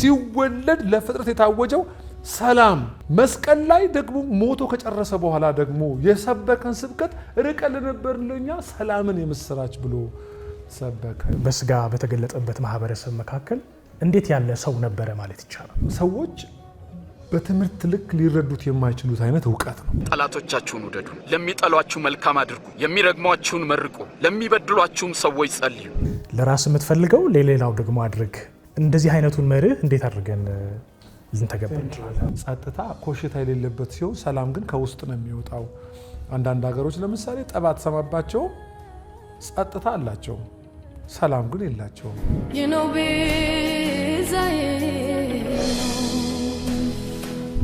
ሲወለድ ለፍጥረት የታወጀው ሰላም መስቀል ላይ ደግሞ ሞቶ ከጨረሰ በኋላ ደግሞ የሰበከን ስብከት ርቀ ለነበር ለኛ ሰላምን የምስራች ብሎ ሰበከ። በስጋ በተገለጠበት ማህበረሰብ መካከል እንዴት ያለ ሰው ነበረ ማለት ይቻላል። ሰዎች በትምህርት ልክ ሊረዱት የማይችሉት አይነት እውቀት ነው። ጠላቶቻችሁን ውደዱ፣ ለሚጠሏችሁ መልካም አድርጉ፣ የሚረግሟችሁን መርቁ፣ ለሚበድሏችሁም ሰዎች ጸልዩ። ለራስ የምትፈልገው ለሌላው ደግሞ አድርግ። እንደዚህ አይነቱን መርህ እንዴት አድርገን ልንተገበር እንችላለን? ጸጥታ ኮሽታ የሌለበት ሲሆን፣ ሰላም ግን ከውስጥ ነው የሚወጣው። አንዳንድ ሀገሮች ለምሳሌ ጠባት ሰማባቸው ጸጥታ አላቸው። ሰላም ግን የላቸውም።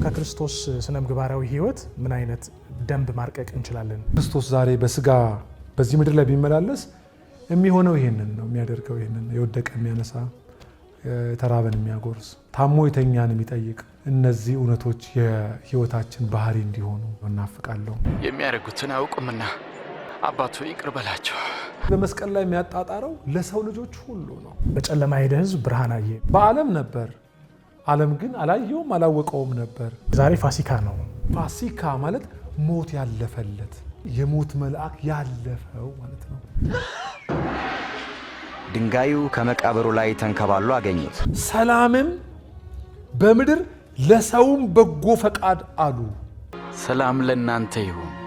ከክርስቶስ ስነ ምግባራዊ ህይወት ምን አይነት ደንብ ማርቀቅ እንችላለን? ክርስቶስ ዛሬ በስጋ በዚህ ምድር ላይ ቢመላለስ የሚሆነው ይህንን ነው የሚያደርገው። ይህንን የወደቀ የሚያነሳ፣ ተራበን የሚያጎርስ፣ ታሞ የተኛን የሚጠይቅ፣ እነዚህ እውነቶች የህይወታችን ባህሪ እንዲሆኑ እናፍቃለሁ። የሚያደርጉትን አያውቁምና አባቱ ይቅር በላቸው። በመስቀል ላይ የሚያጣጣረው ለሰው ልጆች ሁሉ ነው። በጨለማ ሄደ ህዝብ ብርሃን አየ። በዓለም ነበር ዓለም ግን አላየውም አላወቀውም ነበር። ዛሬ ፋሲካ ነው። ፋሲካ ማለት ሞት ያለፈለት የሞት መልአክ ያለፈው ማለት ነው። ድንጋዩ ከመቃብሩ ላይ ተንከባሎ አገኙት። ሰላምም በምድር ለሰውም በጎ ፈቃድ አሉ። ሰላም ለእናንተ ይሁን